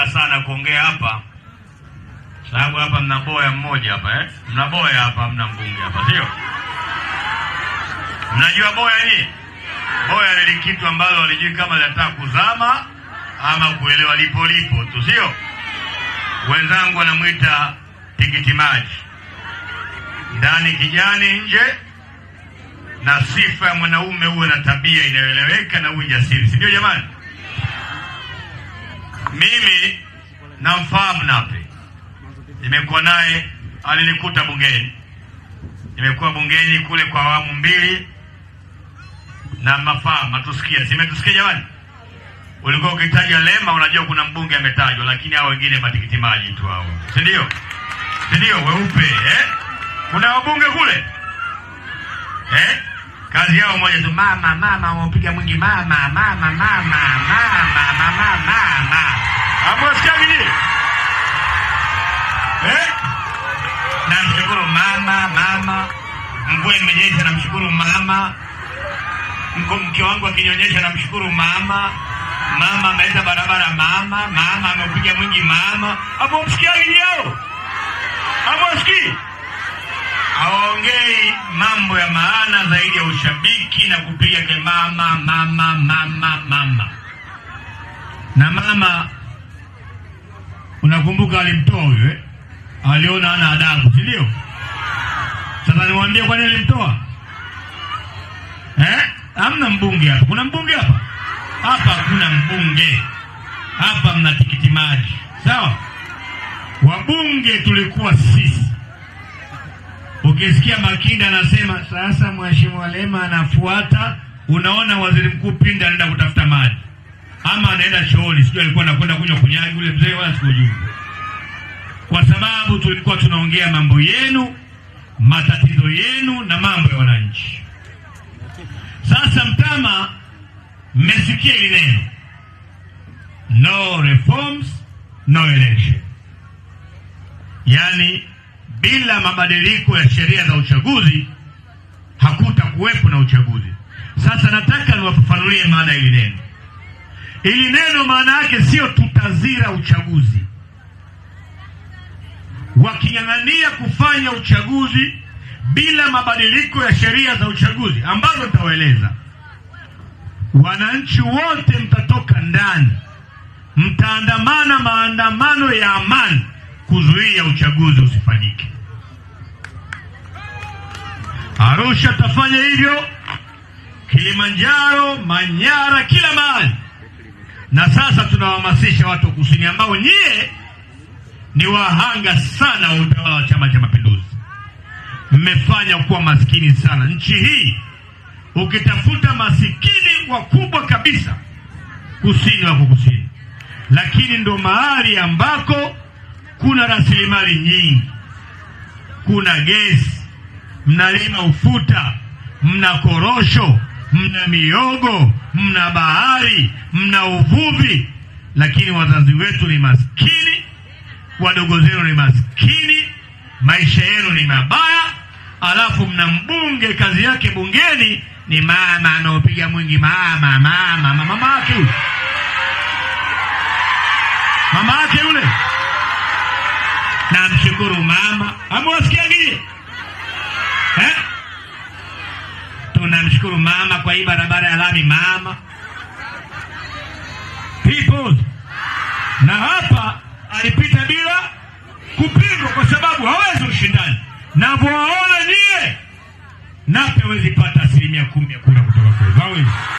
napenda sana kuongea hapa, sababu hapa mna boya mmoja hapa eh? Mnaboya hapa, mna mbunge hapa, sio? Mnajua boya ni boya ni kitu ambalo walijui kama linataka kuzama ama kuelewa lipo lipo tu, sio? Wenzangu wanamwita tikiti maji, ndani kijani, nje na sifa ya mwanaume huwe na tabia inayoeleweka na uwe jasiri, jamani? Mimi namfahamu Nape, nimekuwa naye, alinikuta bungeni, nimekuwa bungeni kule kwa awamu mbili na mafahamu, natusikia simetusikia. Jamani, ulikuwa ukitaja Lema, unajua kuna mbunge ametajwa, lakini hao wengine matikiti maji tu hao, si ndio? Si ndio weupe eh? kuna wabunge kule eh? kazi yao moja tu, mama mama, wamepiga mwingi mama mama mama mama mama. mama. Hamwasikia nini? Eh, namshukuru mama mama, mvua imenyesha, namshukuru mama. Mko mke wangu akinyonyesha, namshukuru mama mama, ameleta barabara mama mama, amepiga mwingi mama. Hamwasikia nini hao? Hamwasikii, aongei mambo ya maana za mziki na kupiga ke mama mama mama mama na mama. Unakumbuka alimtoa huyo, eh? aliona ana adabu, si ndio? Sasa niwaambie kwani alimtoa eh? Hamna mbunge hapa, kuna mbunge hapa hapa? Kuna mbunge hapa, mna tikiti maji sawa? Wabunge tulikuwa sisi Ukisikia Makinda anasema sasa Mheshimiwa Lema anafuata, unaona waziri mkuu Pinda anaenda kutafuta maji ama anaenda shughuli, sijui alikuwa anakwenda kunywa kunyagi yule mzee, wala sikujua, kwa sababu tulikuwa tunaongea mambo yenu, matatizo yenu na mambo ya wananchi. Sasa Mtama, mmesikia ile neno no reforms no election, yaani bila mabadiliko ya sheria za uchaguzi hakutakuwepo na uchaguzi. Sasa nataka niwafafanulie maana hili neno. Hili neno maana yake sio tutazira uchaguzi. Waking'ang'ania kufanya uchaguzi bila mabadiliko ya sheria za uchaguzi ambazo nitawaeleza, wananchi wote mtatoka ndani, mtaandamana maandamano ya amani kuzuia uchaguzi usifanyike. Arusha tafanya hivyo, Kilimanjaro, Manyara, kila mahali. Na sasa tunawahamasisha watu wa kusini ambao nyie ni wahanga sana wa utawala wa Chama cha Mapinduzi. Mmefanya kuwa maskini sana nchi hii. Ukitafuta masikini wakubwa kabisa, kusini wako kusini, lakini ndo mahali ambako kuna rasilimali nyingi, kuna gesi, mnalima ufuta, mna korosho, mna miogo, mna bahari, mna uvuvi, lakini wazazi wetu ni maskini, wadogo zenu ni maskini, maisha yenu ni mabaya, alafu mna mbunge kazi yake bungeni ni mama anaopiga mwingi, mama mama mama, mama yake yule, mama yake yule namshukuru mama, amewasikia nyinyi eh? Tunamshukuru mama kwa hii barabara ya lami mama people, na hapa alipita bila kupingwa, kwa sababu hawezi ushindani. Navyowaona nie Nape hawezi pata asilimia kumi ya kura kutoka kwa hawezi.